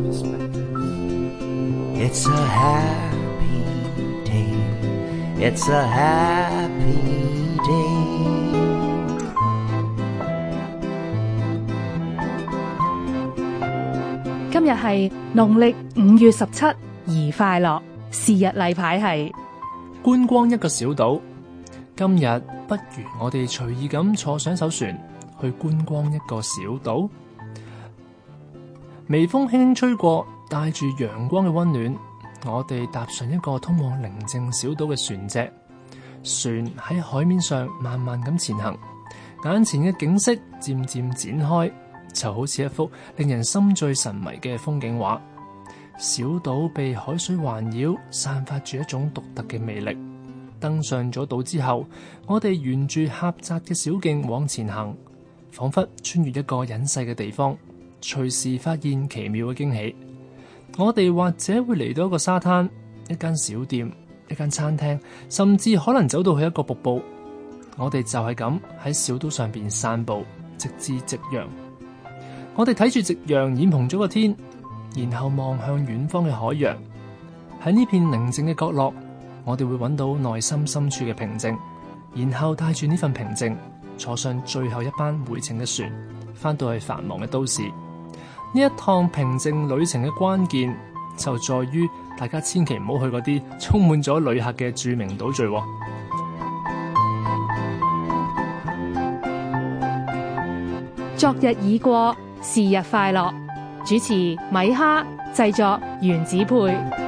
It's a happy day. It's a happy day. 今日係農曆五月十七，而快樂是日例牌係觀光一個小島。今日不如我哋隨意咁坐上艘船去觀光一個小島。微風輕輕吹過，帶住陽光嘅溫暖。我哋踏上一個通往寧靜小島嘅船隻，船喺海面上慢慢咁前行，眼前嘅景色漸漸展開，就好似一幅令人心醉神迷嘅風景畫。小島被海水環繞，散發住一種獨特嘅魅力。登上咗島之後，我哋沿住狹窄嘅小徑往前行，仿佛穿越一個隱世嘅地方。隨時發現奇妙嘅驚喜，我哋或者會嚟到一個沙灘、一間小店、一間餐廳，甚至可能走到去一個瀑布。我哋就係咁喺小島上邊散步，直至夕陽。我哋睇住夕陽染紅咗個天，然後望向遠方嘅海洋。喺呢片寧靜嘅角落，我哋會揾到內心深處嘅平靜，然後帶住呢份平靜，坐上最後一班回程嘅船，翻到去繁忙嘅都市。呢一趟平靜旅程嘅關鍵，就在於大家千祈唔好去嗰啲充滿咗旅客嘅著名島嶼。昨日已過，是日快樂。主持米哈，製作原子配。